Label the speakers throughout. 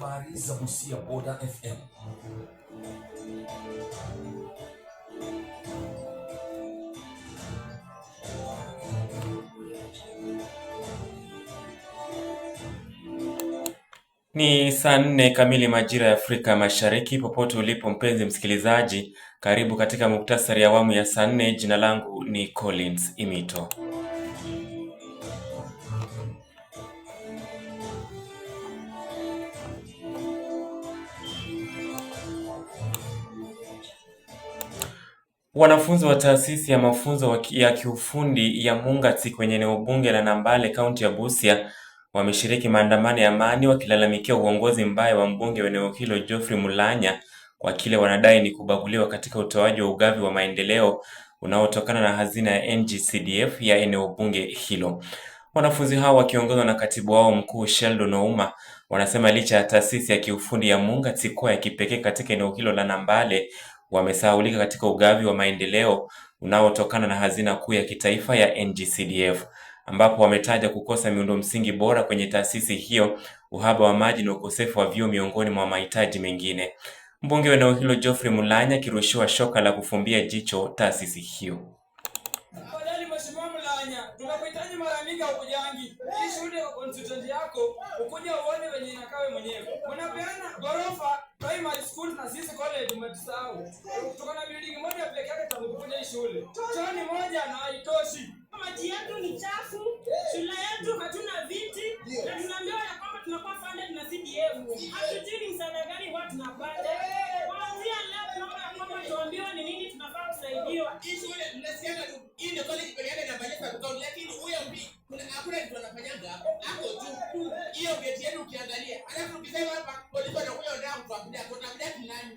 Speaker 1: Paris za Busia Boda FM. Ni saa nne kamili majira ya Afrika Mashariki. Popote ulipo mpenzi msikilizaji, karibu katika muktasari ya awamu ya saa nne. Jina langu ni Collins Imito. Wanafunzi wa taasisi ya mafunzo ya kiufundi ya mungati kwenye eneo bunge la Nambale kaunti ya Busia wameshiriki maandamano ya amani wakilalamikia uongozi mbaya wa mbunge wa eneo hilo Geoffrey Mulanya kwa kile wanadai ni kubaguliwa katika utoaji wa ugavi wa maendeleo unaotokana na hazina ya NGCDF ya eneo bunge hilo. Wanafunzi hao wakiongozwa na katibu wao mkuu Sheldon Ouma wanasema licha ya taasisi ya kiufundi ya mungati kuwa ya kipekee katika eneo hilo la Nambale, wamesahaulika katika ugavi wa maendeleo unaotokana na hazina kuu ya kitaifa ya NGCDF ambapo wametaja kukosa miundo msingi bora kwenye taasisi hiyo, uhaba wa maji na ukosefu wa vyoo miongoni mwa mahitaji mengine. Mbunge wa eneo hilo Geoffrey Mulanya akirushiwa shoka la kufumbia jicho taasisi hiyo.
Speaker 2: tunakuhitaji mara mingi hii ya yako, ukuja uone venye inakawe mwenyewe. Unapeana gorofa primary school na sisi college umetusahau. Tuko na building moja peke yake tangu shule. Chooni moja na haitoshi.
Speaker 3: Maji yetu ni chafu, eh. shule yetu hatuna viti na tunaambiwa ya kwamba tunakuwa funded na CDF. Hatujui msaada gani huwa tunapata. Eh. Kuanzia leo tunaomba ya kwamba tuambiwe ni nini tunafaa kusaidiwa.
Speaker 4: Hii shule mnasikia hii ndio college peke yake inafanyika kwa lakini huyo mbi kuna hakuna kitu anafanyaga. Hapo tu eh. hiyo geti yetu ukiangalia. Alafu ukisema hapa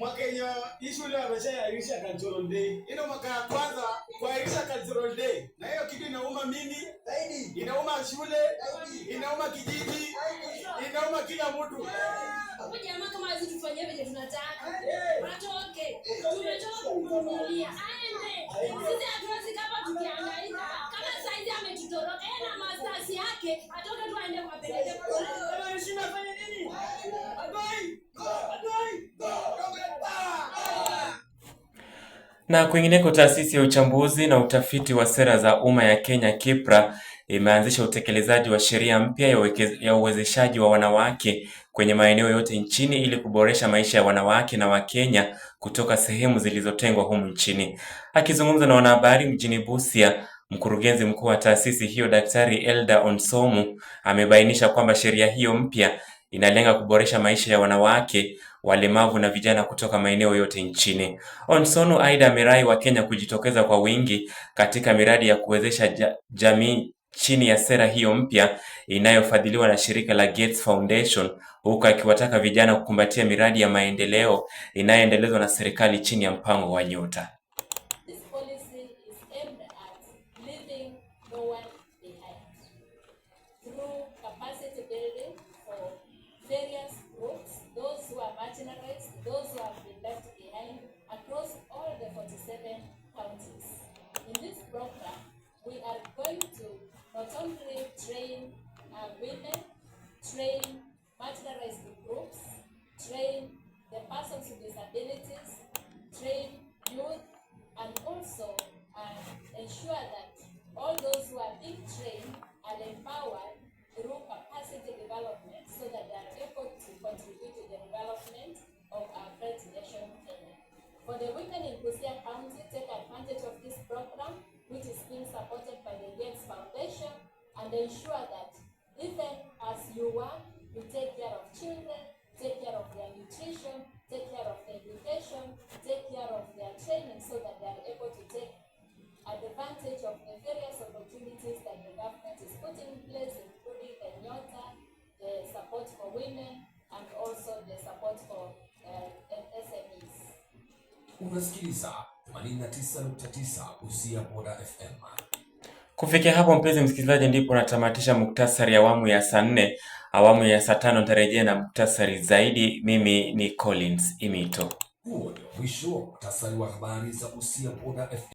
Speaker 5: mwaka yenye hii shule wameshaahirisha Cultural Day, ino mwaka ya kwanza kuahirisha Cultural Day, na hiyo kitu inauma mimi zaidi, inauma shule, inauma kijiji, inauma kila mtu.
Speaker 6: Jamaa Mwaka hizi tufanyie vile tunataka, watoke, tumetoka kumnunulia aende. Sisi hatuwezi kama tukiangaika kama saizi ametutoroka Ena mastasi yake
Speaker 1: Na kwingineko, taasisi ya uchambuzi na utafiti wa sera za umma ya Kenya KIPRA imeanzisha utekelezaji wa sheria mpya ya uwezeshaji wa wanawake kwenye maeneo yote nchini ili kuboresha maisha ya wanawake na Wakenya kutoka sehemu zilizotengwa humu nchini. Akizungumza na wanahabari mjini Busia, mkurugenzi mkuu wa taasisi hiyo Daktari Elda Onsomu amebainisha kwamba sheria hiyo mpya inalenga kuboresha maisha ya wanawake walemavu na vijana kutoka maeneo yote nchini. Onsono aidha amerai wa Kenya kujitokeza kwa wingi katika miradi ya kuwezesha ja, jamii chini ya sera hiyo mpya inayofadhiliwa na shirika la Gates Foundation, huku akiwataka vijana kukumbatia miradi ya maendeleo inayoendelezwa na serikali chini ya mpango wa Nyota.
Speaker 7: train marginalized groups, train the persons with disabilities, train youth, and also uh, ensure that all those who are being trained are empowered through capacity development so that they are able to contribute to the development of our great nation Kenya. For the women in Busia County, take advantage of this program, which is being supported by the Gates Foundation, and ensure that even women and also the support for uh, SMEs.
Speaker 1: Unasikiliza 89.9 Busia Boda FM. Kufikia hapo mpenzi msikilizaji, ndipo natamatisha muktasari awamu ya saa nne. Awamu ya saa tano nitarejea na muktasari zaidi. Mimi ni Collins Imito. Huo ndio mwisho wa muktasari wa habari za Busia Boda FM.